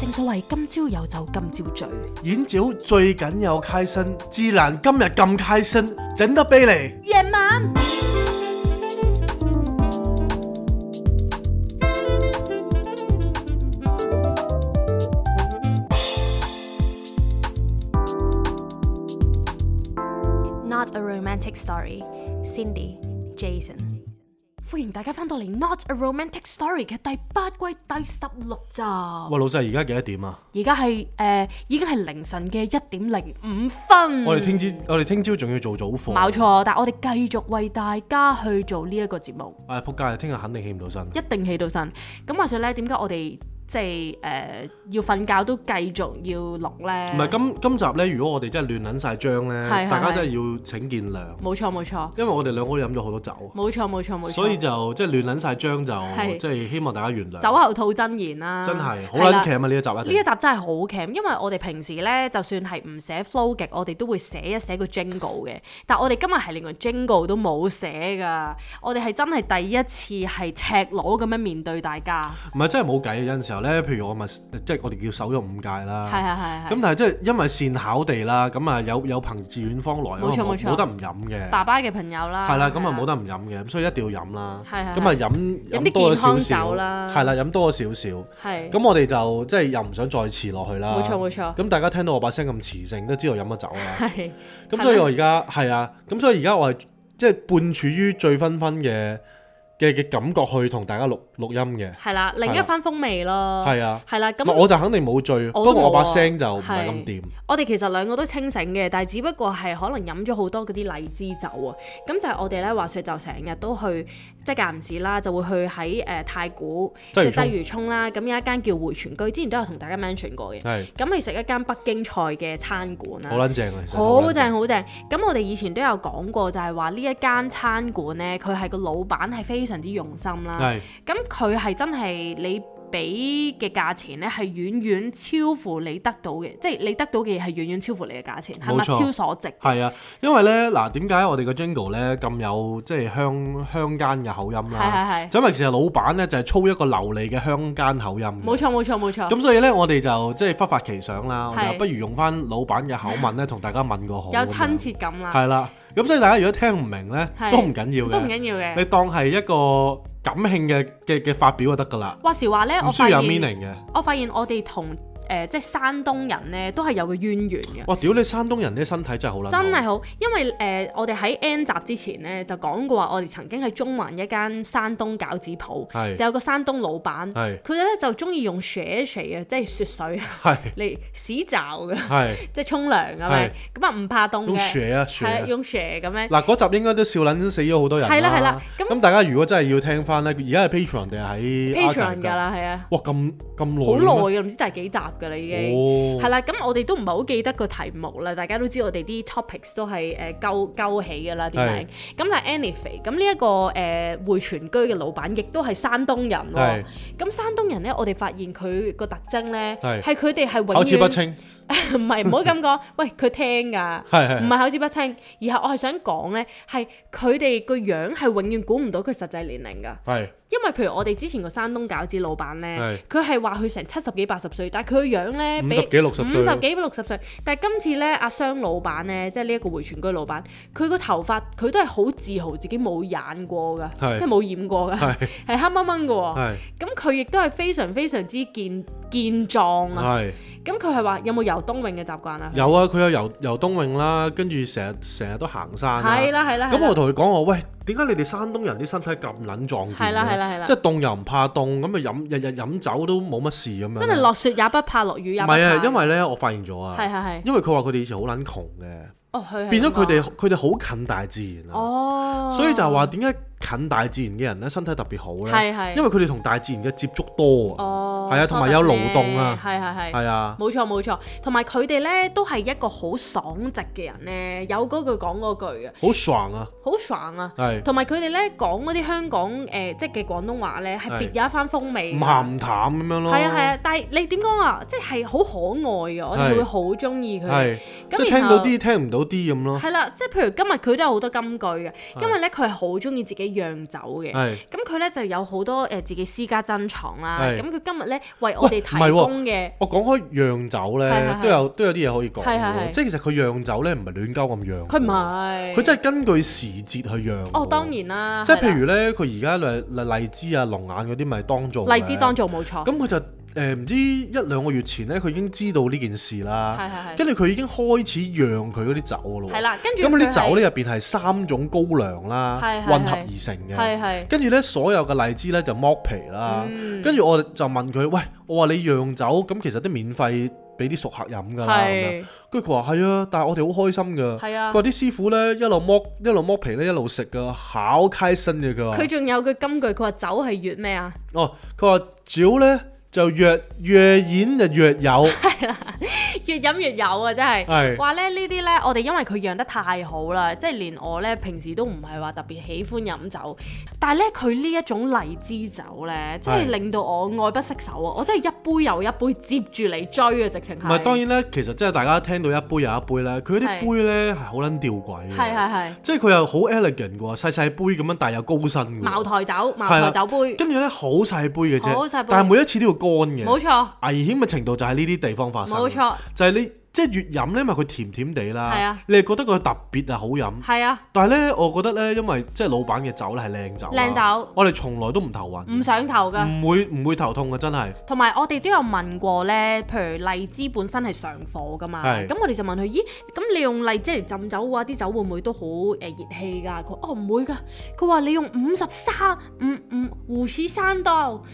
正所謂今朝有酒今朝醉，演早最緊要開心，自然今日咁開心，整得俾你。夜晚。Not a romantic story. Cindy, Jason. 歡迎大家翻到嚟《Not A Romantic Story》嘅第八季第十六集。喂，老細，而家幾多點啊？而家係誒已經係凌晨嘅一點零五分。我哋聽朝我哋聽朝仲要做早課，冇錯。但係我哋繼續為大家去做呢一個節目。唉，仆街！聽日肯定起唔到身。一定起到身。咁話説呢，點解我哋？即係誒、呃、要瞓覺都繼續要錄咧。唔係今今集咧，如果我哋真係亂撚晒章咧，係係係大家真係要請見諒。冇錯冇錯，錯因為我哋兩個都飲咗好多酒。冇錯冇錯冇錯。錯錯所以就即係亂撚晒章就是即係希望大家原諒。酒後吐真言啦。真係好撚啊！呢、啊、的一集呢一,一集真係好黐，因為我哋平時咧就算係唔寫 flow 我哋都會寫一寫，一寫一個 jingle 嘅。但我哋今日係連個 jingle 都冇寫㗎，我哋係真係第一次係赤裸咁樣面對大家。唔係真係冇計啊，有陣時候。咧，譬如我咪即係我哋叫守咗五戒啦，係啊係，咁但係即係因為善巧地啦，咁啊有有朋自遠方來，冇得唔飲嘅，爸爸嘅朋友啦，係啦，咁啊冇得唔飲嘅，咁所以一定要飲啦，咁啊飲飲多咗少少啦，係啦，飲多咗少少，咁我哋就即係又唔想再遲落去啦，冇錯冇錯，咁大家聽到我把聲咁磁性，都知道飲咗酒啦，咁所以我而家係啊，咁所以而家我係即係半處於醉醺醺嘅嘅嘅感覺去同大家錄。錄音嘅，係啦，另一番風味咯，係啊，係啦，咁我就肯定冇醉，不過我把聲就唔係咁掂。我哋其實兩個都清醒嘅，但係只不過係可能飲咗好多嗰啲荔枝酒啊，咁就係我哋咧話説就成日都去，即係間唔時啦，就會去喺誒太古即係鰂魚涌啦，咁有一間叫回泉居，之前都有同大家 mention 過嘅，係。咁係食一間北京菜嘅餐館啊。好撚正啊，好正好正。咁我哋以前都有講過，就係話呢一間餐館咧，佢係個老闆係非常之用心啦，咁佢係真係你俾嘅價錢咧，係遠遠超乎你得到嘅，即係你得到嘅嘢係遠遠超乎你嘅價錢，係咪物超所值？係啊，因為咧嗱，點解我哋個 Jingle 咧咁有即係、就是、鄉鄉間嘅口音啦？係係係，就因為其實老闆咧就係、是、操一個流利嘅鄉間口音。冇錯冇錯冇錯。咁所以咧，我哋就即係忽發奇想啦，我哋就不如用翻老闆嘅口吻咧，同 大家問個好，有親切感嗯啦。係啦。咁所以大家如果聽唔明咧，是都唔緊要嘅。都唔緊要嘅。你當係一個感興嘅嘅嘅發表就得㗎啦。話時話咧，唔需要有 meaning 嘅。我發現我哋同，誒即係山東人咧，都係有個淵源嘅。哇屌！你山東人啲身體真係好撚。真係好，因為誒我哋喺 N 集之前咧就講過話，我哋曾經喺中環一間山東餃子鋪，就有個山東老闆，佢咧就中意用蛇水啊，即係雪水，嚟洗澡嘅，即係沖涼咁樣，咁啊唔怕凍嘅。用蛇啊，用蛇咁樣。嗱嗰集應該都笑撚死咗好多人。係啦係啦，咁咁大家如果真係要聽翻咧，而家係 Patreon 定係喺 Patreon 㗎啦？係啊。哇咁咁耐，好耐㗎，唔知第幾集。嘅啦，已經係啦，咁、嗯嗯嗯、我哋都唔係好記得個題目啦。大家都知我哋啲 topics 都係誒、呃、勾勾起嘅啦，啲名。咁是、嗯、但係 anyway，咁、嗯、呢一、這個誒匯泉居嘅老闆，亦都係山東人咯、哦。咁是山東人咧，我哋發現佢個特徵咧，係佢哋係永遠不清。唔係唔好咁講，喂佢聽㗎，唔係口齒不清，而係我係想講呢，係佢哋個樣係永遠估唔到佢實際年齡㗎。因為譬如我哋之前個山東餃子老闆呢，佢係話佢成七十幾八十歲，但係佢個樣呢，比六十五十幾六十歲，但係今次呢，阿商老闆呢，即係呢一個回傳居老闆，佢個頭髮佢都係好自豪自己冇染過㗎，即係冇染過㗎，係黑掹掹嘅喎。係咁佢亦都係非常非常之健健壯啊。咁佢係話有冇游冬泳嘅習慣啊？有啊，佢有游遊冬泳啦、啊，跟住成日成日都行山、啊。係啦係啦。咁、啊啊、我同佢講話，喂，點解你哋山東人啲身體咁撚壯健嘅？係啦係啦係啦。啊啊啊、即係凍又唔怕凍，咁咪飲日日飲酒都冇乜事咁、啊、樣。真係落雪也不怕，落雨也不怕。唔係啊，因為咧，我發現咗啊，啊啊因為佢話佢哋以前好撚窮嘅。哦，佢變咗佢哋，佢哋好近大自然啊！哦，所以就係話點解近大自然嘅人咧身體特別好咧？係係，因為佢哋同大自然嘅接觸多啊！哦，係啊，同埋有勞動啊！係係係，係啊，冇錯冇錯，同埋佢哋咧都係一個好爽直嘅人咧，有嗰句講嗰句嘅，好爽啊！好爽啊！係，同埋佢哋咧講嗰啲香港誒即嘅廣東話咧係別有一番風味，唔鹹唔淡咁樣咯。係啊係啊，但係你點講啊？即係好可愛嘅，我哋會好中意佢。係，咁聽到啲聽唔到。啲咁咯，係啦，即係譬如今日佢都有好多金句嘅，因為咧佢係好中意自己釀酒嘅，咁佢咧就有好多誒自己私家珍藏啦，咁佢係今日咧為我哋提供嘅，我講開釀酒咧都有都有啲嘢可以講，係係係即係其實佢釀酒咧唔係亂鳩咁釀，佢唔係，佢真係根據時節去釀。哦，當然啦，即係譬如咧，佢而家誒荔枝啊、龍眼嗰啲咪當造？荔枝當造冇錯，咁佢就。誒唔、欸、知一兩個月前咧，佢已經知道呢件事啦。係係係。跟住佢已經開始釀佢嗰啲酒咯。係啦，跟住咁啲酒咧入邊係三種高粱啦，係係係，混合而成嘅。係係。跟住咧，所有嘅荔枝咧就剝皮啦。跟住、嗯、我就問佢，喂，我話你釀酒，咁其實都免費俾啲熟客飲㗎啦。跟住佢話：係啊，但係我哋好開心㗎。係啊。佢話啲師傅咧一路剝一路剝皮咧一路食㗎，好開心嘅佢。佢仲有個金句，佢話酒係越咩啊？哦，佢話酒咧。哦就越演越， 越飲就越有，係啦，越飲越有啊！真係係話咧呢啲咧，我哋因為佢養得太好啦，即係連我咧平時都唔係話特別喜歡飲酒，但係咧佢呢一種荔枝酒咧，真係令到我愛不釋手啊！是我真係一杯又一杯接住嚟追啊，直情係。唔係，當然咧，其實真係大家聽到一杯又一杯咧，佢啲杯咧係好撚吊鬼嘅，係係是即係佢又好 elegant 噶喎，細細杯咁樣，但係又高身嘅。的茅台酒，茅台酒杯，跟住咧好細杯嘅啫，但係每一次都要冇錯，危險嘅程度就喺呢啲地方發生，冇錯，就係呢。即係越飲咧，因為佢甜甜地啦，啊、你係覺得佢特別啊好飲。係啊，但係咧，我覺得咧，因為即係老闆嘅酒咧係靚酒，靚酒，我哋從來都唔頭暈，唔上頭噶，唔會唔會頭痛噶，真係。同埋我哋都有問過咧，譬如荔枝本身係上火噶嘛，咁是我哋就問佢：咦，咁你用荔枝嚟浸酒嘅話，啲酒會唔會都好誒熱氣㗎？佢：哦，唔會㗎。佢話你用五十三五五，五十三。嗯」度、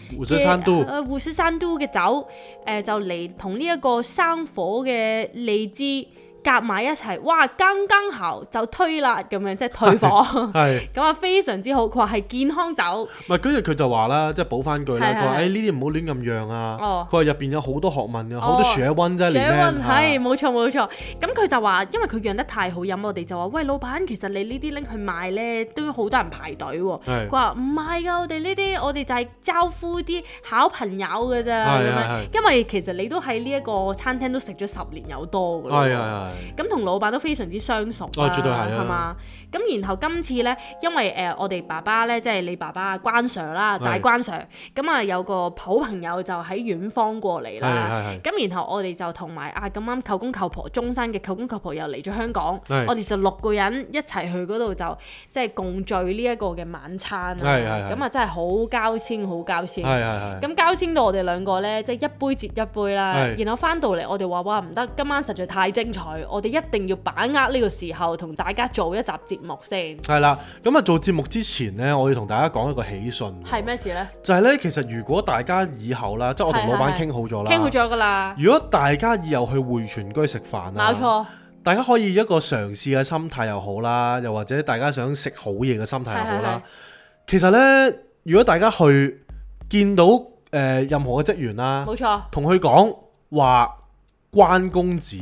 嗯，五十三。度、嗯，五十三度嘅酒。嗯嗯嗯嗯嗯誒、呃，就嚟同呢一個生火嘅荔枝。夾埋一齊，哇，剛剛好就推啦咁樣，即係退火。係咁啊，非常之好。佢話係健康酒。唔係，跟住佢就話啦，即係補翻句啦。佢話誒，呢啲唔好亂咁釀啊。哦。佢話入邊有好多學問嘅，好多學問啫。學問係，冇錯冇錯。咁佢就話，因為佢釀得太好飲，我哋就話喂，老闆，其實你呢啲拎去賣咧，都好多人排隊。係。佢話唔係噶，我哋呢啲，我哋就係招呼啲考朋友嘅啫。係啊。因為其實你都喺呢一個餐廳都食咗十年有多噶，係啊。咁同老闆都非常之相熟啊，絕對係啊，係嘛？咁然後今次呢，因為誒我哋爸爸呢，即係你爸爸關 Sir 啦，大關 Sir，咁啊有個好朋友就喺遠方過嚟啦。咁然後我哋就同埋啊咁啱舅公舅婆中山嘅舅公舅婆又嚟咗香港，我哋就六個人一齊去嗰度就即係共聚呢一個嘅晚餐啊。咁啊真係好交先，好交先。咁交先到我哋兩個呢，即係一杯接一杯啦。然後翻到嚟我哋話哇唔得，今晚實在太精彩。我哋一定要把握呢個時候，同大家做一集節目先。係啦，咁啊，做節目之前呢，我要同大家講一個喜訊。係咩事呢？就係呢，其實如果大家以後啦，係係係即係我同老闆傾好咗啦，傾好咗噶啦。如果大家以後去回全居食飯啦，冇錯，大家可以一個嘗試嘅心態又好啦，又或者大家想食好嘢嘅心態又好啦。係係係係其實呢，如果大家去見到誒、呃、任何嘅職員啦，冇錯，同佢講話關公子。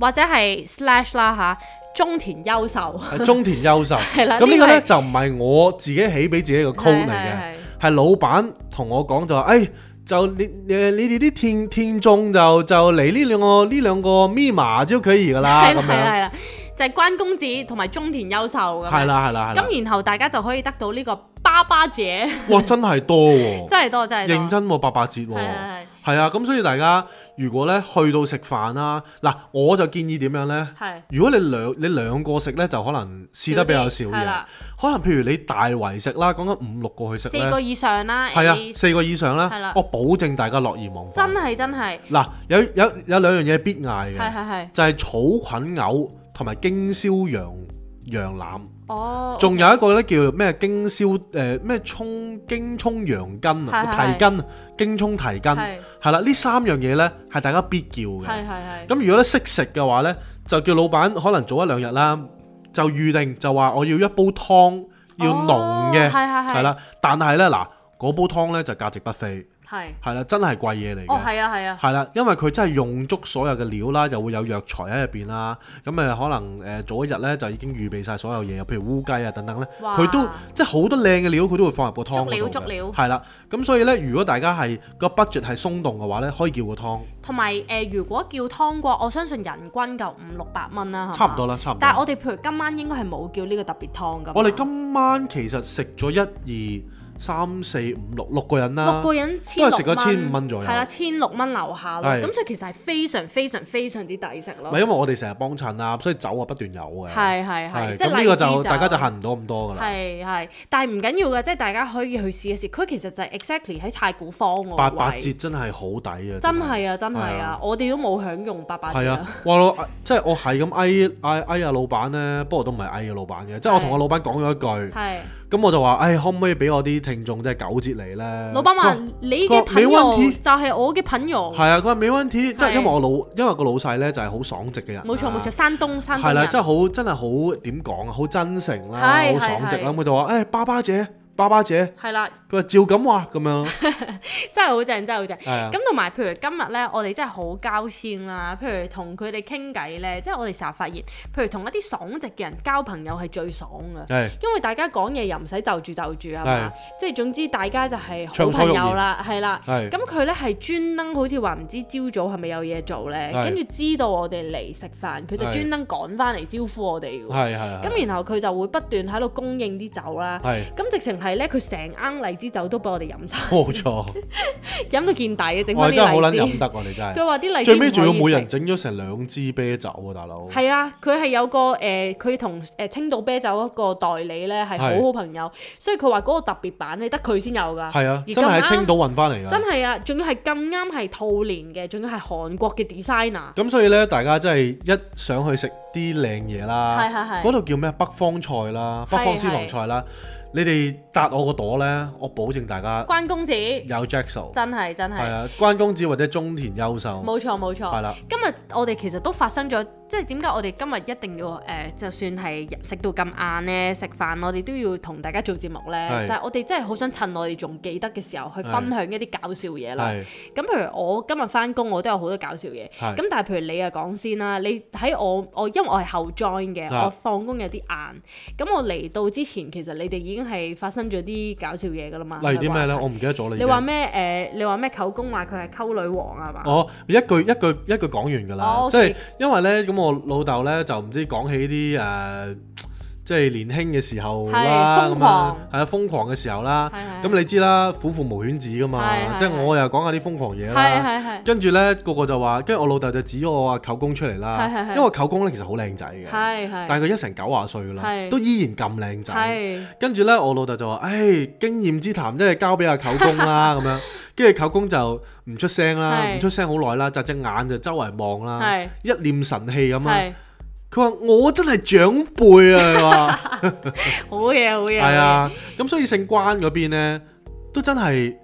或者係 Slash 啦嚇，中田優秀。係中田優秀，係啦。咁呢個咧就唔係我自己起俾自己嘅 code 嚟嘅，係老闆同我講就話，誒就你誒你哋啲聽聽眾就就嚟呢兩個呢兩個密碼就可以噶啦，係啦係啦，就係關公子同埋中田優秀咁。係啦係啦，咁然後大家就可以得到呢個八八折。哇！真係多喎，真係多真係。認真喎八八折喎。係啊，咁所以大家如果咧去到食飯、啊、啦，嗱，我就建議點樣呢？的如果你兩你兩個食呢，就可能試得比較少嘅嘢。可能譬如你大圍食啦，講緊五六個去食。四個以上啦。係啊的，你四個以上啦。的我保證大家樂而忘返。真係真係。嗱，有有有，有兩樣嘢必嗌嘅。的就係草菌牛同埋京燒羊。羊腩，哦，仲有一個咧叫咩、呃？京燒誒咩蔥？京蔥羊筋，啊，蹄筋京蔥蹄筋。係啦是，呢三樣嘢咧係大家必要嘅。咁如果咧識食嘅話咧，就叫老闆可能早一兩日啦，就預定就話我要一煲湯，要濃嘅，係係啦，但係咧嗱，嗰煲湯咧就價值不菲。係，係啦，真係貴嘢嚟。哦，係啊，係啊。係啦，因為佢真係用足所有嘅料啦，又會有藥材喺入邊啦，咁誒可能誒早一日咧就已經預備晒所有嘢，譬如烏雞啊等等咧。佢哇都即係好多靚嘅料，佢都會放入個湯入面。足料足料。係啦，咁所以咧，如果大家係、這個 budget 係鬆動嘅話咧，可以叫個湯。同埋誒，如果叫湯過，我相信人均夠五六百蚊啦，係嘛？差唔多啦，差唔。但係我哋譬如今晚應該係冇叫呢個特別湯㗎。我哋今晚其實食咗一二。三四五六六個人啦，六個人食咗千五蚊左右，係啦，千六蚊樓下，咁所以其實係非常非常非常之抵食咯。唔係因為我哋成日幫襯啊，所以酒啊不斷有嘅。係係係，咁呢個就大家就行唔到咁多噶啦。係係，但係唔緊要嘅，即係大家可以去試一試。佢其實就 exactly 喺太古坊個位。八八折真係好抵啊！真係啊真係啊，我哋都冇享用八八折。係啊，話咯，即係我係咁嗌嗌嗌啊老闆咧，不過都唔係嗌啊老闆嘅，即係我同我老闆講咗一句。係。咁我就話：誒，可唔可以俾我啲聽眾即係九折你咧？老闆話，你嘅朋友就係我嘅朋友。係啊，佢話美 o n 即係因為我老，因為個老細咧就係好爽直嘅人，啊。冇錯冇錯，山東山東。係啦，啊，真係好，真係好點講啊？好真誠啦，啊，好爽直啦，啊。咁佢就話：誒，爸爸姐。爸爸姐，係啦，佢話照咁話咁樣，真係好正，真係好正。咁同埋，譬如今日咧，我哋真係好交先啦。譬如同佢哋傾偈咧，即係我哋成日發現，譬如同一啲爽直嘅人交朋友係最爽㗎，因為大家講嘢又唔使就住就住啊嘛。即係總之大家就係好朋友啦，係啦。咁佢咧係專登好似話唔知朝早係咪有嘢做咧，跟住知道我哋嚟食飯，佢就專登趕翻嚟招呼我哋。係係。咁然後佢就會不斷喺度供應啲酒啦。咁直情。係咧，佢成罌荔枝酒都俾我哋飲晒。冇錯，飲 到見底啊！整嗰啲荔枝，我真係好撚飲得喎，你真係。佢話啲荔枝最尾仲要每人整咗成兩支啤酒喎，啊，大佬。係啊，佢係有個誒，佢同誒青島啤酒一個代理咧，係好好朋友，是所以佢話嗰個特別版咧，得佢先有噶。係啊，而真係喺青島運翻嚟噶。真係啊，仲要係咁啱係兔年嘅，仲要係韓國嘅 designer。咁所以咧，大家真係一上去食啲靚嘢啦，嗰度、啊、叫咩？北方菜啦，北方私房菜啦。是啊是你哋搭我個朵呢，我保證大家 so，關公子有 Jackson，真係真係係啊，關公子或者中田優秀，冇錯冇錯，係啦，今日我哋其實都發生咗。即係點解我哋今日一定要誒，就算係食到咁晏咧，食飯我哋都要同大家做節目咧。就係我哋真係好想趁我哋仲記得嘅時候，去分享一啲搞笑嘢啦。咁譬如我今日翻工，我都有好多搞笑嘢。咁但係譬如你呀講先啦，你喺我我因為我係後 join 嘅，我放工有啲晏。咁我嚟到之前，其實你哋已經係發生咗啲搞笑嘢噶啦嘛。例如啲咩咧？我唔記得咗啦。你話咩？誒，你話咩？舅公話佢係溝女王啊嘛。哦，一句一句一句講完噶啦。即係因為咧，咁我。我老豆咧就唔知講起啲誒，即係年輕嘅時候啦，咁啊，係啊，瘋狂嘅時候啦，咁你知啦，虎父無犬子噶嘛，即係我又講下啲瘋狂嘢啦，跟住咧個個就話，跟住我老豆就指咗我阿舅公出嚟啦，因為舅公咧其實好靚仔嘅，但係佢一成九廿歲啦，都依然咁靚仔，跟住咧我老豆就話，誒經驗之談，即係交俾阿舅公啦，咁樣。跟住舅公就唔出聲啦，唔是出聲好耐啦，扎隻眼就周圍望啦，是一念神氣咁是啊！佢話我真係長輩啊，佢話，好嘢，好嘢！係啊，咁所以姓關嗰邊呢，都真係。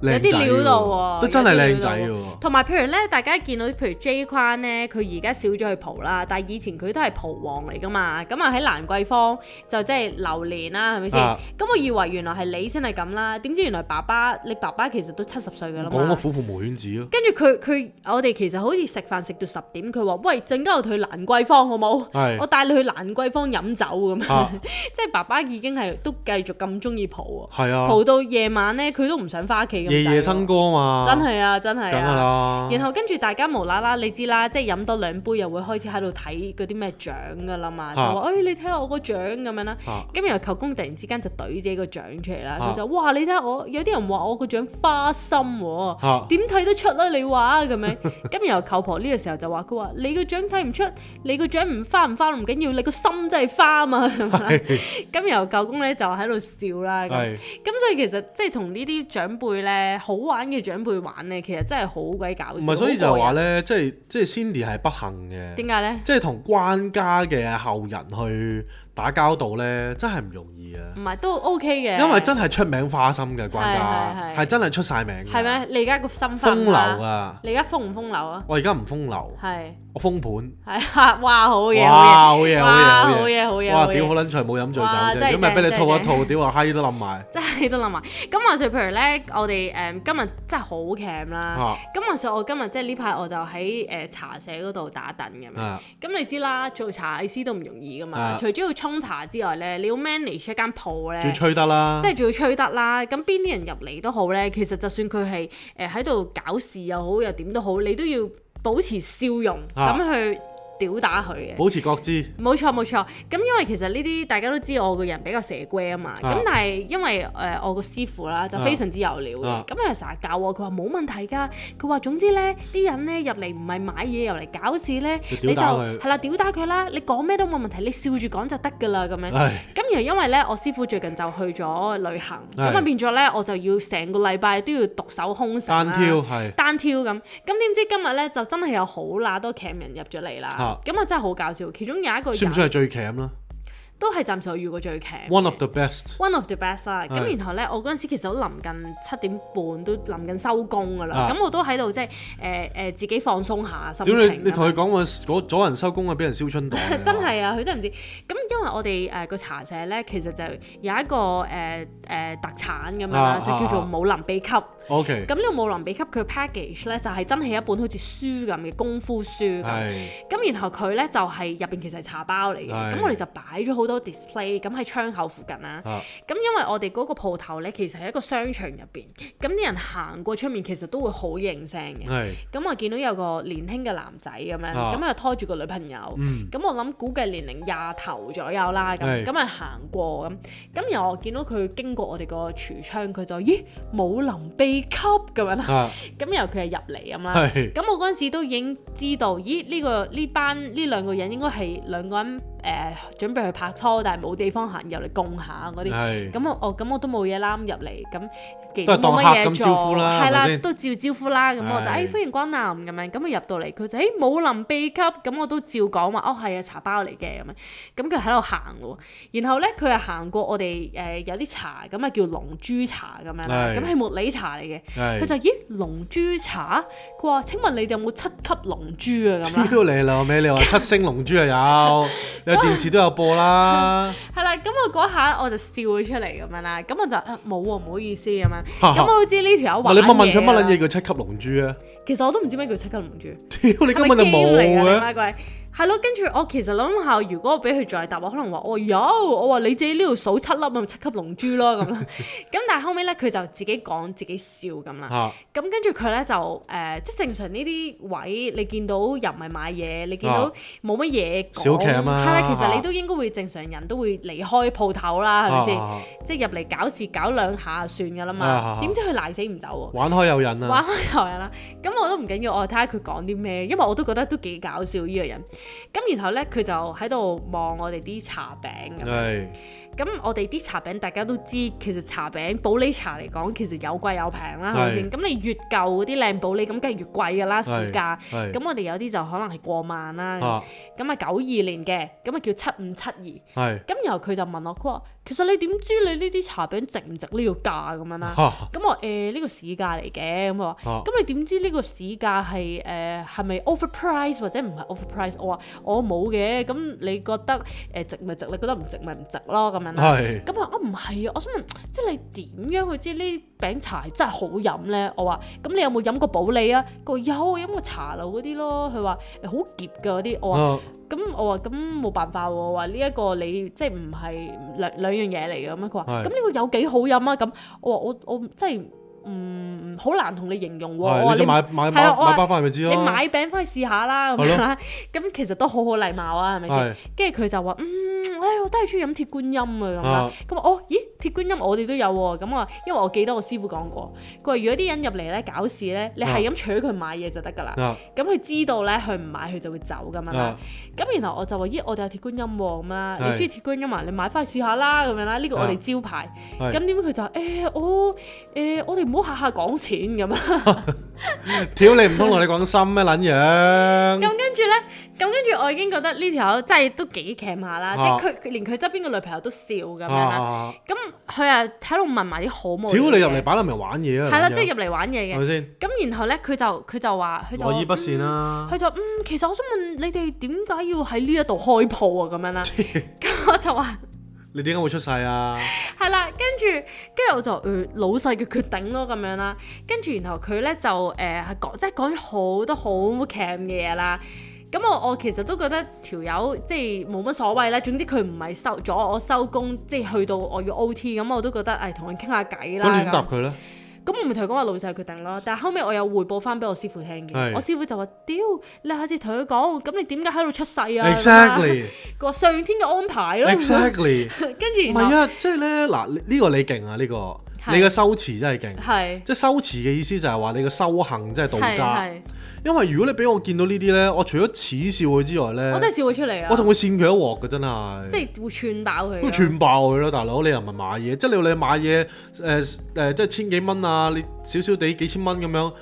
有啲料到喎，都真係靚仔喎。同埋譬如咧，大家見到譬如 J 框咧，佢而家少咗去蒲啦，但係以前佢都係蒲王嚟噶嘛。咁啊喺蘭桂坊就即係流連啦、啊，係咪先？咁、啊、我以為原來係你先係咁啦，點知原來爸爸你爸爸其實都七十歲噶啦。嘛？我虎父無犬子咯、啊。跟住佢佢，我哋其實好似食飯食到十點，佢話：喂，陣間我去蘭桂坊好冇？係是。我帶你去蘭桂坊飲酒咁，啊、 即係爸爸已經係都繼續咁中意蒲喎。啊、蒲到夜晚咧，佢都唔想返屋企。夜夜笙歌嘛，真係啊，真係啊，然後跟住大家無啦啦，你知啦，即係飲多兩杯又會開始喺度睇嗰啲咩獎㗎啦嘛，就話誒你睇下我個獎咁樣啦，咁然後舅公突然之間就懟自己個獎出嚟啦，佢就哇你睇下我，有啲人話我個獎花心喎，點睇得出咧你話咁樣，咁然後舅婆呢個時候就話佢話你個獎睇唔出，你個獎唔花唔花唔緊要，你個心真係花啊嘛，咁然後舅公咧就喺度笑啦，咁所以其實即係同呢啲長輩咧。誒，好玩嘅長輩玩咧，其實真係好鬼搞笑。唔係，所以就話咧，即係即係 Cindy 係不幸嘅。點解咧？即係同關家嘅後人去打交道咧，真係唔容易啊。唔係都 OK 嘅。因為真係出名花心嘅關家，係真係出晒名。係咩？你而家個心份、啊、風流啊！你而家風唔風流啊？我而家唔風流。係。封盤係啊！哇，好嘢！好嘢，好嘢！好嘢！好嘢！好嘢！哇，屌，好撚賊，冇飲醉酒，啫，咁咪俾你吐一吐，屌！話閪都冧埋，真係都冧埋。咁話說，譬如咧，我哋誒今日真係好 cam 啦。咁話說，我今日即係呢排，我就喺誒茶社嗰度打躉咁樣。咁你知啦，做茶藝師都唔容易㗎嘛。除咗要沖茶之外咧，你要 manage 一間鋪咧，仲要吹得啦。即係仲要吹得啦。咁邊啲人入嚟都好咧，其實就算佢係誒喺度搞事又好，又點都好，你都要。保持笑容，咁、啊、去。屌打佢嘅，保持覺知。冇錯冇錯，咁因為其實呢啲大家都知，我個人比較蛇蠍啊嘛。咁、啊、但係因為誒、呃、我個師傅啦，就非常之有料嘅。咁啊成日、啊、教我，佢話冇問題㗎。佢話總之咧，啲人咧入嚟唔係買嘢，入嚟搞事咧、嗯，你就係啦，屌打佢啦。你講咩都冇問題，你笑住講就得㗎啦咁樣。咁唉而係因為咧，我師傅最近就去咗旅行，咁啊唉唉變咗咧我就要成個禮拜都要獨守空城、啊，啦，單挑係單挑咁。咁點知今日咧就真係有好乸多劇人入咗嚟啦。嗯嗯嗯咁啊真係好搞笑，其中有一個算唔算係最勁啦？都係暫時我遇過最勁。One of the best，one of the best 啦。咁的然後咧，我嗰陣時其實都臨近七點半，都臨近收工噶啦。咁的我都喺度即係誒誒自己放鬆下心情。你同佢講話阻咗、嗯、人收工啊，俾人燒春袋。 真係啊，佢真係唔知。咁因為我哋誒個茶社咧，其實就有一個誒誒、呃呃、特產咁樣啦，就叫做武林秘笈。O.K. 咁呢個武林秘笈佢 package 咧就係真係一本好似書咁嘅功夫書咁，咁然後佢咧就係入邊其實係茶包嚟嘅，咁我哋就擺咗好多 display 咁喺窗口附近啦。咁因為我哋嗰個鋪頭咧其實係一個商場入邊，咁啲人行過出面其實都會好認聲嘅。咁我見到有個年輕嘅男仔咁樣，咁又拖住個女朋友，咁我諗估計年齡廿頭左右啦。咁咁咪行過咁，咁然後我見到佢經過我哋個櫥窗，佢就咦武林秘級咁樣啦，咁然後佢係入嚟咁啦，咁 我嗰陣時都已經知道，咦呢、這個呢班呢兩個人應該係兩個人。誒準備去拍拖，但係冇地方行的、哦、入嚟供下嗰啲，咁我我咁我都冇嘢攬入嚟，咁極冇乜嘢做，都照招呼啦，咁的、嗯、我就誒、哎、歡迎光臨咁樣，咁啊入到嚟佢就誒、哎、武林秘笈，咁我都照講話，哦係啊茶包嚟嘅咁樣，咁佢喺度行喎，然後咧佢啊行過我哋誒有啲茶，咁啊叫龍珠茶咁樣啦，咁係茉莉茶嚟嘅，佢就咦龍珠茶，佢話請問你哋有冇七級龍珠啊咁啦，屌你老味，你話七星龍珠又有？ 有 電視都有播啦，係啦， 咁我嗰下我就笑咗出嚟咁樣啦，咁我就誒冇喎，唔好意思咁樣，咁 我好知呢條友玩， 你問問佢乜撚嘢叫七級龍珠啊？其實我都唔知咩叫七級龍珠。屌， 你根本就冇嘅。係咯、嗯，跟住我其實諗下，如果我俾佢再答，我可能話、哦：我有，我話你自己呢度數七粒啊，七級龍珠咯咁啦。咁但係後尾咧，佢就自己講自己笑咁啦。咁 跟住佢咧就誒、呃，即係正常呢啲位，你見到又唔係買嘢，你見到冇乜嘢講，係啦，其實你都應該會 正常人都會離開鋪頭啦，係咪先？ 即係入嚟搞事搞兩下算㗎啦嘛。點知佢賴死唔走喎？ 玩開有癮啊！玩開有癮啦。咁我都唔緊要，我睇下佢講啲咩，因為我都覺得都幾搞笑呢、這個人。咁然後咧，佢就喺度望我哋啲茶餅。咁 樣。 咁、嗯、我哋啲茶餅大家都知，其實茶餅普洱茶嚟講，其實有貴有平啦，係咪先？咁是你越舊嗰啲靚普洱，咁梗係越貴㗎啦市價。咁、嗯、我哋有啲就可能係過萬啦。咁啊九二、嗯、年嘅，咁啊叫七五七二。係。咁然後佢就問我，佢話其實你點知你呢啲茶餅值唔值個價呢個價咁樣啦？咁我誒呢、嗯啊嗯、個市價嚟嘅，咁、呃、話，咁你點知呢個市價係誒係咪 overpriced 或者唔係 overpriced？我話我冇嘅，咁、哦哦、你覺得誒、呃、值咪值？你覺得唔值咪唔值咯咁。係，咁啊，唔 係樂、嗯 uh，啊，我想問，即係你點樣去知餅，呢餅茶係真係好飲咧？我話，咁、嗯、你有冇飲過保利啊？個優，飲、嗯、過茶樓嗰啲咯。佢話、嗯、好澀嘅嗰啲，我話，咁、哦嗯、我話，咁、嗯、冇、嗯、辦法、啊，我話呢一個你即係唔係兩兩樣嘢嚟嘅咁啊？佢話，咁呢、嗯嗯嗯嗯、個有幾好飲啊？咁我話，我我即係。嗯，好難同你形容喎。你買買買包翻去咪知咯。你買餅翻去試下啦，咁啦，咁其實都好好禮貌啊，係咪先？跟住佢就話，嗯，哎呀，都係中意飲鐵觀音啊咁啦。咁我、哦、咦？鐵觀音我哋都有喎，咁我因為我記得我師傅講過，佢話如果啲人入嚟咧搞事咧，你係咁取佢買嘢就得噶啦，咁佢知道咧佢唔買佢就會走噶嘛啦，咁然後我就話咦我哋有鐵觀音喎，咁啦，你中意鐵觀音嘛？你買翻去試下啦，咁樣啦，呢個我哋招牌，咁點解佢就誒哦，誒我哋唔好下下講錢咁啊？屌你唔通同你講心咩撚樣？咁跟住咧，咁跟住我已經覺得呢條友真係都幾 cam 下啦，即係佢連佢側邊個女朋友都笑咁樣啦，咁。佢、嗯、啊，喺度問埋啲好無，只要你入嚟擺啦，咪玩嘢啊！係啦，即係入嚟玩嘢嘅，係咪先？咁然後咧，佢就佢就話，我嚟意不善啦、啊。佢、嗯、就嗯，其實我想問你哋點解要喺呢一度開鋪啊？咁樣啦，咁 我就話你點解會出世啊？係啦， 跟住跟住我就、嗯、老細嘅決定咯，咁樣啦。跟住然後佢咧就誒講、呃，即係講咗好多好 c a 嘅嘢啦。咁我我其實都覺得條友即係冇乜所謂啦。總之佢唔係收咗我收工，即係去到我要 OT，咁我都覺得誒，同佢傾下偈啦。咁點答佢咧？咁我咪同佢講話老細決定咯。但係後尾我有回報翻俾我師傅聽嘅。是我師傅就話：屌，你下次同佢講，咁你點解喺度出世啊？Exactly。個 上天嘅安排咯。Exactly 跟。跟住，唔係啊，即係咧嗱，呢、呢個你勁啊，呢、呢個是你嘅修持真係勁。係是。即係修持嘅意思就係話你嘅修行真係道家。的是因為如果你俾我見到呢啲咧，我除咗恥笑佢之外咧，我真係笑佢出嚟啊！我同佢扇佢一鑊㗎真係，即係會串爆佢。會串爆佢咯，大佬你又唔係買嘢，即係你你買嘢誒誒，即係千幾蚊啊，你少少地幾千蚊咁樣。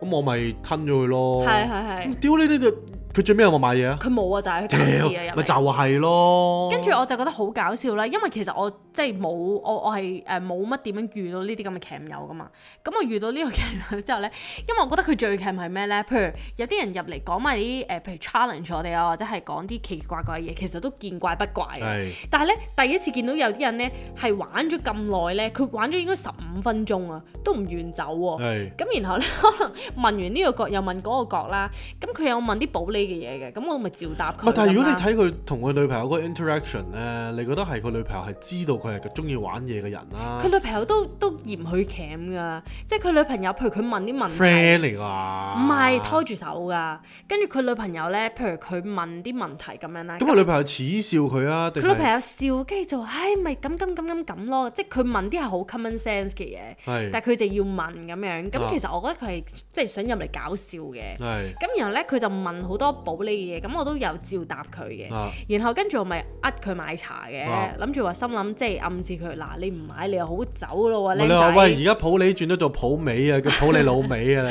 咁我咪吞咗佢咯，係係係，屌你呢啲佢最尾有冇買嘢啊？佢冇啊，就係佢搞笑，咪就係咯。跟住我就覺得好搞笑啦，因為其實我即係冇我我係誒冇乜點樣遇到呢啲咁嘅鉛友噶嘛。咁我遇到呢個鉛友之後咧，因為我覺得佢最鉛係咩咧？譬如有啲人入嚟講埋啲誒，譬如 challenge 我哋啊，或者係講啲奇奇怪怪嘢，其實都見怪不怪。係。但係咧，第一次見到有啲人咧係玩咗咁耐咧，佢玩咗應該十五分鐘啊，都唔願走喎。係。咁然後咧，可能。問完呢個,個角，又問嗰個角啦，咁佢有問啲保理嘅嘢嘅，咁我咪照答佢。但係如果你睇佢同佢女朋友嗰個 interaction 咧，你覺得係佢女朋友係知道佢係中意玩嘢嘅人啦、啊？佢女朋友都都嫌佢謙㗎，即係佢女朋友，譬如佢問啲問題。friend 嚟㗎，唔係拖住手㗎，跟住佢女朋友咧，譬如佢問啲問題咁樣啦。咁佢不那女朋友恥笑佢啊？佢女朋友笑，跟住是就話：，唉，咪咁咁咁咁咁咯，即係佢問啲係好 common sense 嘅嘢，的但係佢就要問咁樣。咁其實我覺得佢係。即係想入嚟搞笑嘅，咁的然後咧佢就問好多普洱嘅嘢，咁我都有照答佢嘅。然後跟住我咪呃佢買茶嘅，諗住話心諗即係暗示佢，嗱，你唔買你又好走咯喎，靚仔。喂，而家普洱轉咗做普美啊，叫普你老美啊。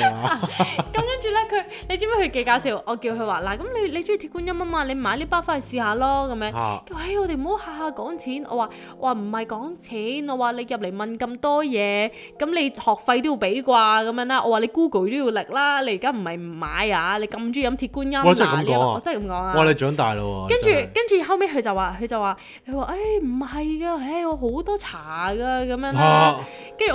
咁跟住咧佢，你知唔知佢幾搞笑？ 我叫佢話嗱，咁、啊、你你中意鐵觀音啊嘛，你買呢包翻去試下咯咁樣。喂、啊哎，我哋唔好下下講錢。我話我話唔係講錢，我話你入嚟問咁多嘢，咁你學費都要俾啩咁樣啦。我話你估舉。都要力啦！你而家唔係唔買啊，你咁中意飲鐵觀音啊。我真係咁講啊，我真係咁講啊！哇！你長大嘞喎！跟住著跟住後尾，佢就話佢就話佢話誒唔係㗎，誒、哎哎、我好多茶㗎咁樣。嚇、啊！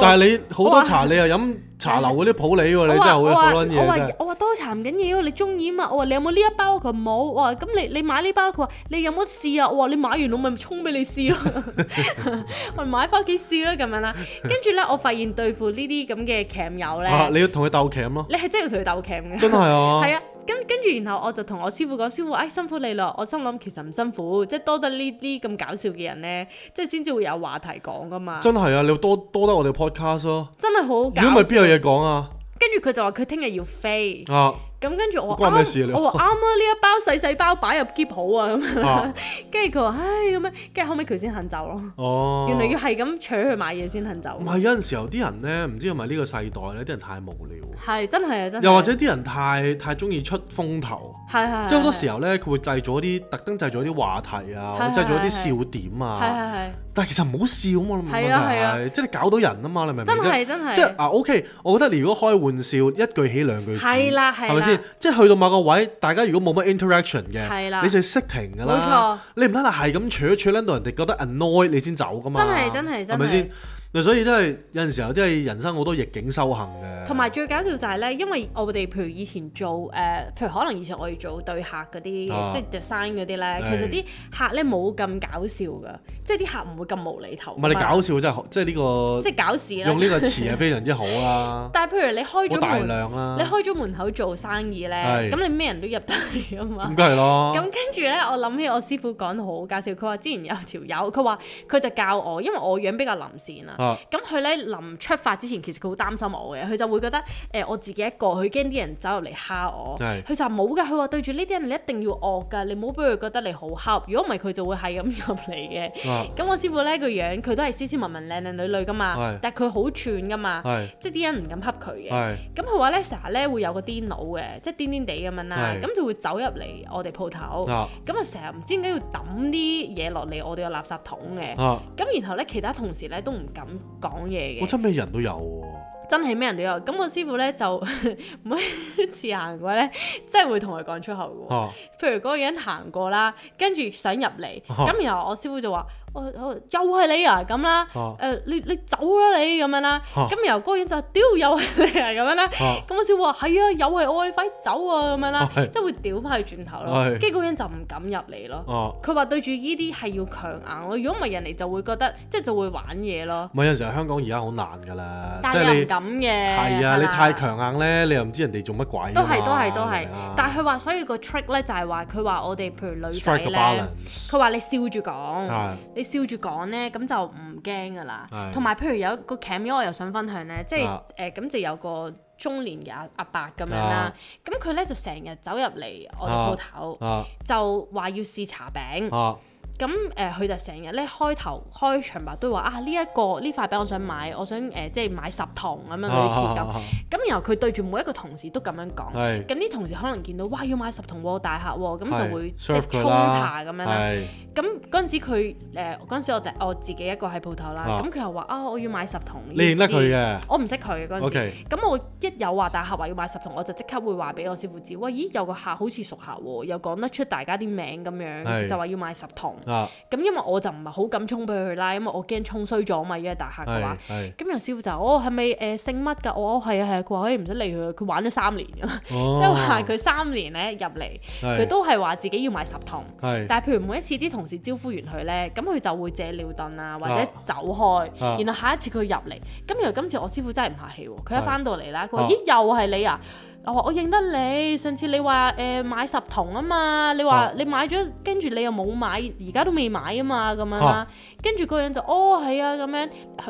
但係你好多茶說你又飲？茶樓嗰啲普洱喎，你真係好嘅普我話我話我話多茶唔緊要，你中意啊嘛。我話你有冇呢一包？佢冇。我話咁你你買呢包。佢話你有冇試啊？我話你買完我咪沖俾你試咯。 我買翻屋企試啦咁樣啦。跟住咧，我發現對付呢啲咁嘅蠶友咧， 你要同佢鬥蠶咯。你係真係要同佢鬥蠶嘅。真係啊。係 啊。跟住，然後我就同我師傅講：師傅，哎，辛苦你咯！我心諗其實唔辛苦，即係多得呢啲咁搞笑嘅人咧，即係先至會有話題講噶嘛。真係啊！你要多多得我哋 podcast 咯、啊，真係好搞。如果唔係邊有嘢講啊？跟住佢就話佢聽日要飛。啊！咁跟住我，關咩事我話啱啊！呢一包細細包擺入 keep 好啊咁。跟住佢話唉，咁樣，跟住後尾佢先肯走咯。哦，原來要係咁取佢買嘢先肯走。唔係有陣時候啲人咧，唔知係咪呢個世代咧，啲人太無聊。係真係啊！真。又或者啲人太太中意出風頭。係係。即係好多時候咧，佢會製造啲特登製造啲話題啊，製造啲笑點啊。係係係。但係其實唔好笑啊！我諗問題係，即係搞到人啊嘛，你明唔明？真係真係。即係啊 OK，我覺得如果開玩笑一句起兩句止，係啦係。即係去到某個位，大家如果冇乜 interaction 嘅，係啦你就識停㗎啦。冇錯，你唔得啦，係咁扯一扯咧，到人哋覺得 annoy 你先走㗎嘛。真係真係真係。係咪先？所以都係有陣時候，即係人生好多逆境修行嘅。同埋最搞笑就係咧，因為我哋譬如以前做誒、呃，譬如可能以前我哋做對客嗰啲，即係 design 嗰啲咧，其實啲客咧冇咁搞笑㗎，即係啲客唔會咁無厘頭。唔係你搞笑真係，是這個、即係呢個即係搞事笑，用呢個詞係非常之好啦、啊。 但係譬如你開咗門，量啊、你開咗門口做生意咧，咁是你咩人都入得嚟啊嘛。咁梗係咯。咁跟住咧，我諗起我師傅講得好搞笑，佢話之前有條友，佢話佢就教我，因為我樣比較臨善啊。哦，咁佢咧臨出發之前，其實佢好擔心我嘅，佢就會覺得誒我自己一個，佢驚啲人走入嚟蝦我。佢就冇㗎，佢話對住呢啲人你一定要惡㗎，你唔好俾佢覺得你好恰。如果唔係，佢就會係咁入嚟嘅。哦，咁我師傅咧個樣佢都係斯斯文文、靚靚女女㗎嘛，但係佢好串㗎嘛，即係啲人唔敢恰佢嘅。係，咁佢話咧成日咧會有個癲佬嘅，即係癲癲地咁樣啦，咁就會走入嚟我哋鋪頭。哦，咁啊成日唔知點解要抌啲嘢落嚟我哋個垃圾桶嘅。哦，咁然後咧其他同事咧都唔敢。講嘢嘅，我啊、真係咩人都有，真係咩人都有。咁我師傅咧就 每次行過咧，真係會同佢講出口嘅。啊、譬如嗰個人行過啦，跟住想入嚟，咁、啊、然後我師傅就話。又係你啊咁啦，誒你你走啦你咁樣啦，咁然後嗰個人就屌又係你啊咁樣啦，咁我似話係啊又係我你快走啊咁樣啦，即係會屌翻去轉頭咯，跟住嗰個人就唔敢入嚟咯。佢話對住依啲係要強硬咯，如果唔係人哋就會覺得即係就會玩嘢咯。唔係有陣時香港而家好難噶啦，但係又唔敢嘅。係啊，你太強硬咧，你又唔知人哋做乜鬼。都係都係都係，但係佢話所以個 trick 咧就係話佢話我哋譬如女仔佢話你笑住講，笑住講呢，咁就唔驚噶啦。同埋是的 譬如有一個 camera 我又想分享呢，即係誒咁就有個中年嘅阿伯咁樣啦。咁佢、啊、呢就成日走入嚟我哋鋪頭，就話、啊、要試茶餅。啊啊咁誒，佢就成日咧開頭開場白都話啊，呢一個呢塊餅我想買，我想誒即係買十桶咁樣類似咁。咁然後佢對住每一個同事都咁樣講。係。咁啲同事可能見到，哇，要買十桶喎，大客喎，咁就會即刻沖茶咁樣啦。咁嗰陣時佢誒嗰陣時我就我自己一個喺鋪頭啦。啊。咁佢又話啊，我要買十桶。你認得佢嘅？我唔識佢嗰陣時。OK。咁我一有話大客話要買十桶，我就即刻會話俾我師傅知。喂，咦，有個客好似熟客喎，又講得出大家啲名咁樣，就話要買十桶。啊！咁因為我就唔係好敢沖俾佢去拉，因為我驚沖衰咗啊嘛，依、呢個大客嘅話。咁由師傅就哦，我係咪誒姓乜㗎？我係啊係啊，佢話可以唔使理佢，佢玩咗三年嘅啦，即係話佢三年咧入嚟，佢是都係話自己要買十桶。是但係譬如每一次啲同事招呼完佢咧，咁佢就會借尿遁啊，或者走開。啊、然後下一次佢入嚟，咁原來今次我師傅真係唔客氣喎，佢一返到嚟咧，佢話：是咦，又係你啊！我話，認得你，上次你話誒買十桶啊嘛，你話你買咗，跟住你又冇買，而家都未買啊嘛咁樣啦。跟住嗰個人就哦係啊咁樣，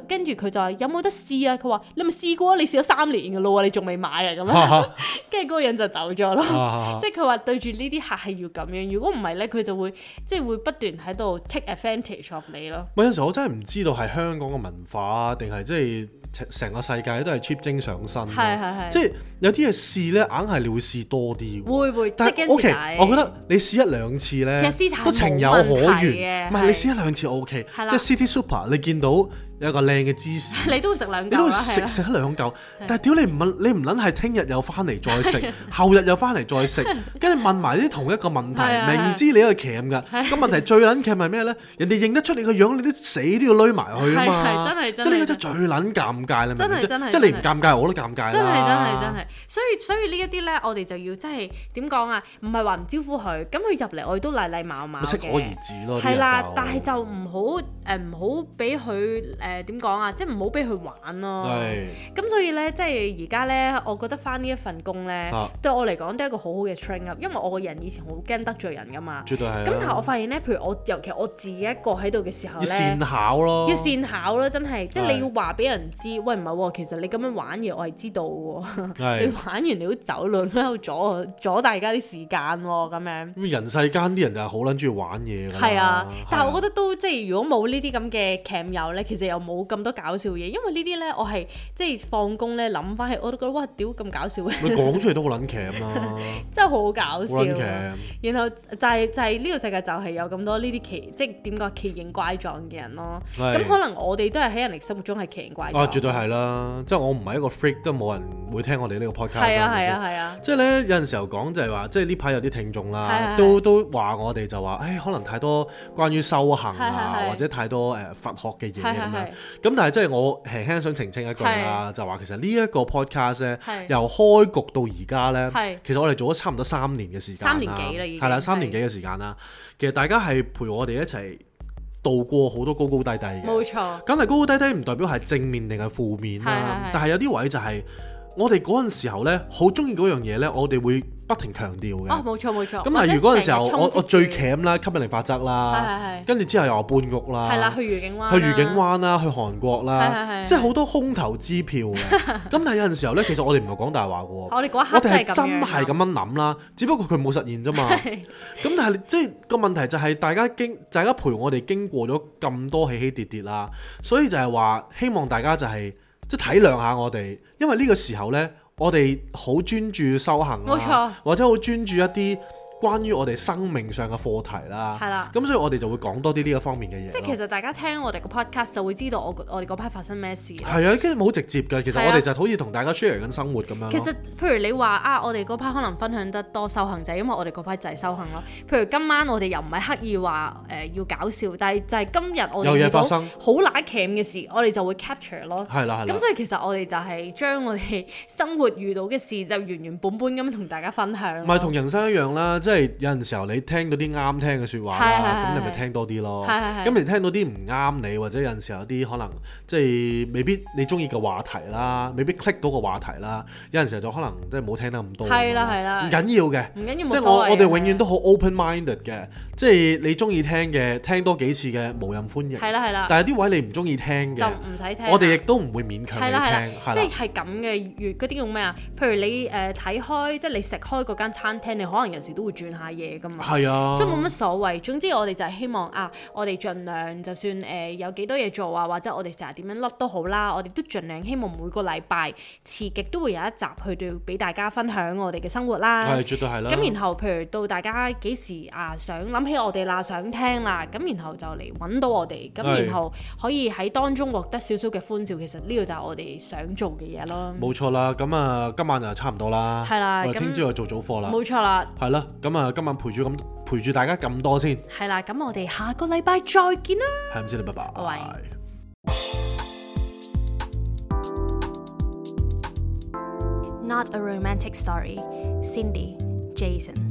跟住佢就話有冇得試啊？佢話你咪試過，你試咗三年㗎咯喎，你仲未買啊咁樣。跟住嗰個人就走咗咯。即係佢話對住呢啲客係要咁樣，如果唔係咧，佢就會即係會不斷喺度 take advantage of 你咯。咪有時我真係唔知道係香港嘅文化啊，定係即係成成個世界都係 cheap 精上身，係係係，即係有啲嘢試。硬係你會試多啲，會會，但係 O K。Okay，我覺得你試一兩次咧，都情有可原，唔係你試一兩次 O K，即係 City Super 你見到。有個靚嘅芝士，你都會食兩嚿，你都會食食一兩嚿。但係屌你唔問你唔撚係聽日又翻嚟再食，後日又翻嚟再食，跟住問埋啲同一個問題，明知你係騎㗎。個問題最撚騎係咩咧？人哋認得出你個樣，你都死都要匿埋佢啊嘛！真係真係，即係呢個真係最撚尷尬啦！真係真係，即係你唔尷尬，我都尷尬啦！真係真係真係，所以所以呢一啲咧，我哋就要真係點講啊？唔係話唔招呼佢，咁佢入嚟我哋都禮禮貌貌嘅。適可而止咯，係啦，但係就唔好誒，唔好俾佢。誒點講啊，即係唔好俾佢玩咯。係。咁所以咧，即係而家咧，我覺得返呢一份工咧，對我嚟講都係一個好好嘅 train up，因為我個人以前好驚得罪人㗎嘛。絕對係。咁但係我發現咧，譬如我尤其我自己一個喺度嘅時候咧，要善巧咯，要善巧咯，真係，即係你要話俾人知，喂，唔係喎，其實你咁樣玩嘢我係知道喎，你玩完你都走啦，咩？阻阻大家啲時間喎，咁樣。咁人世間啲人就係好撚中意玩嘢㗎嘛。係啊，但係我覺得都即係如果冇呢啲咁嘅 cam 友咧，其實又～冇咁多搞笑嘢，因為呢啲咧，我係即係放工咧，諗翻起我都覺得哇，屌咁搞笑！嘅、啊！你講出嚟都好撚劇啊嘛，真係好搞笑、啊。然後就係、是、就係、是、呢個世界就係有咁多呢啲奇，即係點講奇形怪狀嘅人咯。咁是、嗯、可能我哋都係喺人哋心目中係奇形怪狀。啊，絕對係啦！即係我唔係一個 freak，都冇人會聽我哋呢個 podcast。係啊係啊係啊！是是啊啊啊即係咧，有陣時候講就係話，即係呢排有啲聽眾啦、啊啊，都都話我哋就話，誒可能太多關於修行啊，啊啊或者太多誒、呃、佛學嘅嘢咁、嗯、但係即係我輕輕想澄清一句啦，是就話其實呢一個 podcast 咧，是由開局到而家咧，是其實我哋做咗差唔多三年嘅時間啦，三年幾啦已經，係啦三年幾嘅時間啦。是其實大家係陪我哋一齊度過好多高高低低嘅，冇錯。咁但係高高低低唔代表係正面定係負面啦、啊。但係有啲位就係我哋嗰陣時候咧，好中意嗰樣嘢咧，我哋會不停強調嘅，哦，冇錯冇錯。咁例如果嗰陣時候我著著我，我我最鉗啦，吸引力法則啦，跟住之後又我搬屋啦，去愉景灣、啊，啦、啊，去韓國啦，即係好多空頭支票嘅。咁 但係，有陣時候呢，其實我哋唔係講大話嘅喎， 我哋嗰一刻真係咁樣諗啦， 只不過佢冇實現啫嘛。咁 但係即係個問題就係大家經，大家陪我哋經過咗咁多起起跌跌啦，所以就係話希望大家就係即係體諒下我哋，因為呢個時候呢。我哋好專注修行，冇錯。或者好專注一啲。關於我哋生命上嘅課題啦，係啦的，咁所以我哋就會講多啲呢個方面嘅嘢。即係其實大家聽我哋個 podcast 就會知道我我哋嗰排發生咩事。係啊，跟住冇直接嘅，其實我哋就好似同大家 share 緊生活咁樣。其實，的其實譬如你話啊，我哋嗰排可能分享得多修行就係因為我哋嗰排就係修行咯。譬如今晚我哋又唔係刻意話誒、呃、要搞笑，但係就係今日我有嘢發生，好乸頸嘅事，我哋就會 capture 咯。係啦，咁所以其實我哋就係將我哋生活遇到嘅事就原原本本咁同大家分享。唔係同人生一樣啦。即係有陣時候你聽到啲啱聽嘅説話啦，咁你咪聽多啲咯。咁你聽到啲唔啱你，或者有陣時候有啲可能即係未必你中意嘅話題啦，未必 click 到個話題啦，有陣時候就可能即係冇聽得咁多。係啦係啦，唔緊要嘅，唔緊要。即係我我哋永遠都好 open minded 嘅，即係你中意聽嘅聽多幾次嘅無任歡迎。係啦係啦。但係啲位你唔中意聽嘅，就唔使聽。我哋亦都唔會勉強你聽。即係咁嘅，如嗰啲叫咩啊？譬如你誒睇、呃、開，即係你食開嗰間餐廳，你可能有時都會。轉下嘢㗎嘛，係啊，所以冇乜所謂。總之我哋就係希望啊，我哋儘量就算誒有幾多嘢做啊，或者我哋成日點樣甩都好啦，我哋都儘量希望每個禮拜遲極都會有一集去到俾大家分享我哋嘅生活啦。係絕對係啦。咁然後譬如到大家幾時啊想諗起我哋啦想聽啦，咁然後就嚟揾到我哋，咁然後可以喺當中獲得少少嘅歡笑。其實呢個就係我哋想做嘅嘢咯。冇錯啦，咁啊今晚就差唔多啦。係啦，今朝就做早課啦。冇錯啦。係咯。咁啊，今晚陪住咁陪住大家咁多先，係啦。咁我哋下個禮拜再見啦，係咁先啦，拜拜。喂。Not a romantic story. Cindy, Jason.